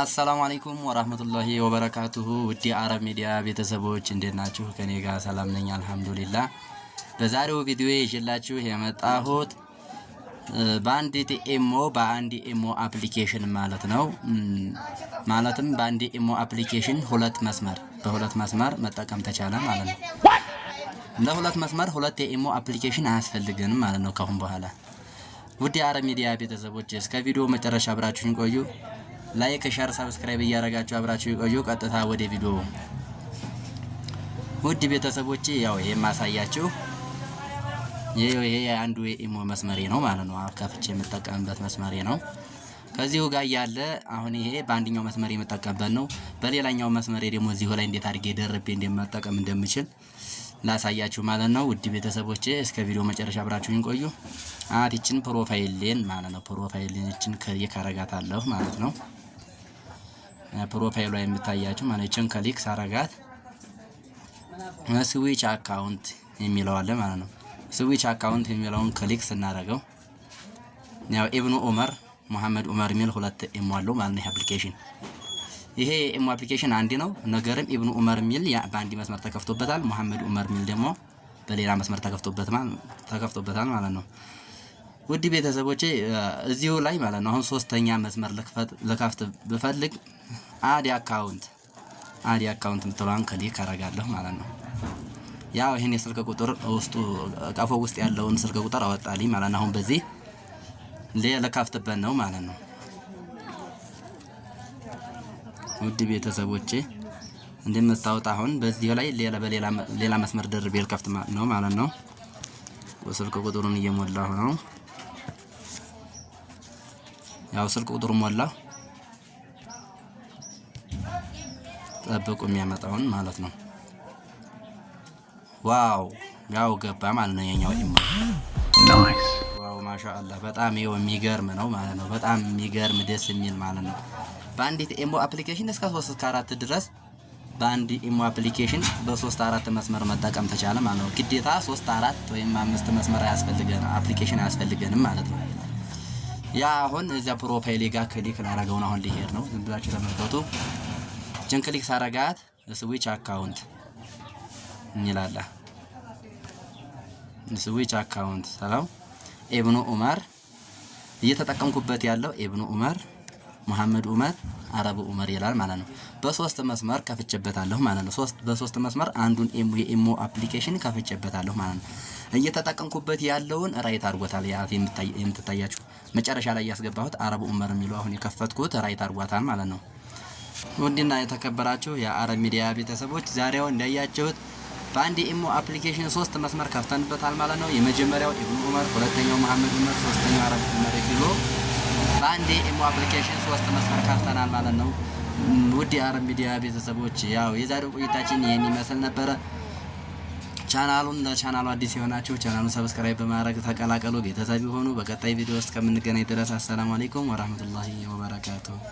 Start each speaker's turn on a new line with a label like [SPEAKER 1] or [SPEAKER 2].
[SPEAKER 1] አሰላሙ አለይኩም ወራህመቱላሂ ወበረካቱሁ ውድ አረብ ሚዲያ ቤተሰቦች እንዴት ናችሁ? ከኔ ጋር ሰላም ነኝ አልሐምዱሊላ። በዛሬው ቪዲዮ ይዤላችሁ የመጣሁት በአንድ ኢሞ በአንድ ኢሞ አፕሊኬሽን ማለት ነው። ማለትም በአንድ ኢሞ አፕሊኬሽን ሁለት መስመር በሁለት መስመር መጠቀም ተቻለ ማለት ነው። ለሁለት መስመር ሁለት የኢሞ አፕሊኬሽን አያስፈልግንም ማለት ነው ካሁን በኋላ። ውድ የአረብ ሚዲያ ቤተሰቦች እስከ ቪዲዮ መጨረሻ ብራችሁን ቆዩ። ላይክ፣ ሸር፣ ሰብስክራይብ እያደረጋችሁ አብራችሁ ቆዩ። ቀጥታ ወደ ቪዲዮ ውድ ቤተሰቦቼ፣ ያው ይሄ ማሳያችሁ ይሄ አንዱ የኢሞ መስመሬ ነው ማለት ነው። ከፍቼ የምጠቀምበት መስመሬ ነው። ከዚሁ ጋር ያለ አሁን ይሄ በአንደኛው መስመር የምጠቀምበት ነው። በሌላኛው መስመሬ ደግሞ እዚሁ ላይ እንዴት አድርጌ ደርቤ እንደመጠቀም እንደምችል ላሳያችሁ ማለት ነው። ውድ ቤተሰቦቼ እስከ ቪዲዮ መጨረሻ አብራችሁኝ ቆዩ። አትችን ፕሮፋይል ሌን ማለት ነው ፕሮፋይልን እችን ከረጋታለሁ ማለት ነው። ፕሮፋይሏ የምታያቸው ማለት ችን ከሊክ ሳረጋት ስዊች አካውንት አለ ማለት ነው። ስዊች አካውንት የሚለውን ክሊክ ስናደርገው ያው ኢብኑ ኡመር መሐመድ ኡመር የሚል ሁለት ኢሞ አለው ማለት ነው። አፕሊኬሽን ይሄ ኢሞ አፕሊኬሽን አንድ ነው። ነገርም ኢብኑ ኡመር የሚል በአንድ መስመር ተከፍቶበታል። መሐመድ ኡመር የሚል ደግሞ በሌላ መስመር ተከፍቶበታል ማለት ነው። ውድ ቤተሰቦቼ እዚሁ ላይ ማለት ነው አሁን ሶስተኛ መስመር ልከፍት ብፈልግ አዲ አካውንት አዲ አካውንት የምትለዋን ክሊክ አደርጋለሁ ማለት ነው። ያው ይህን የስልክ ቁጥር ውስጡ ቀፎ ውስጥ ያለውን ስልክ ቁጥር አወጣልኝ ማለት ነው። አሁን በዚህ ልከፍትበት ነው ማለት ነው። ውድ ቤተሰቦቼ እንደምታወጥ አሁን በዚህ ላይ ሌላ በሌላ መስመር ደርቤ ልከፍት ነው ማለት ነው። ስልክ ቁጥሩን እየሞላሁ ነው። ያው ስልክ ቁጥር ሞላ ጠብቁ የሚያመጣውን ማለት ነው። ዋው ያው ገባ ማለት ነው የኛው ኢሞ። ዋው ማሻአላህ በጣም ይኸው የሚገርም ነው ማለት ነው። በጣም የሚገርም ደስ የሚል ማለት ነው። በአንዲት ኤሞ አፕሊኬሽን እስከ ሶስት ከአራት ድረስ በአንድ ኢሞ አፕሊኬሽን በሶስት አራት መስመር መጠቀም ተቻለ ማለት ነው። ግዴታ ሶስት አራት ወይም አምስት መስመር አያስፈልገን አፕሊኬሽን አያስፈልገንም ማለት ነው። ያ አሁን እዚያ ፕሮፋይል ጋር ክሊክ ላረገውን አሁን ሊሄድ ነው። ዝም ብላችሁ ተመልከቱ። ችን ክሊክ ሳረጋት ስዊች አካውንት እንላለ ስዊች አካውንት ሰላም ኢብኑ ኡመር እየተጠቀምኩበት ያለው ኢብኑ ኡመር መሐመድ ኡመር አረብ ኡመር ይላል ማለት ነው። በሶስት መስመር ከፍቼበታለሁ ማለት ነው። ሶስት በሶስት መስመር አንዱን ኢሞ የኢሞ አፕሊኬሽን ከፍቼበታለሁ ማለት ነው። እየተጠቀምኩበት ያለውን ራይት አድርጎታል። የምትታያችሁ መጨረሻ ላይ ያስገባሁት አረብ ኡመር የሚለው አሁን የከፈትኩት ራይት አድርጓታል ማለት ነው። ውድና የተከበራችሁ የአረብ ሚዲያ ቤተሰቦች ዛሬው እንዳያችሁት በአንድ የኢሞ አፕሊኬሽን ሶስት መስመር ከፍተንበታል ማለት ነው። የመጀመሪያው ኢብኑ ኡመር፣ ሁለተኛው መሐመድ ኡመር፣ ሶስተኛው አረብ ኡመር ኪሎ በአንድ የኢሞ አፕሊኬሽን ሶስት መስመር ከፍተናል ማለት ነው። ውድ የአረብ ሚዲያ ቤተሰቦች ያው የዛሬው ቆይታችን ይህን ይመስል ነበረ። ቻናሉን ቻናሉ አዲስ የሆናችሁ ቻናሉን ሰብስክራይብ በማድረግ ተቀላቀሉ ቤተሰብ የሆኑ በቀጣይ ቪዲዮ ውስጥ ከምንገናኝ ድረስ አሰላሙ አለይኩም ወራህመቱላሂ ወበረካቱ።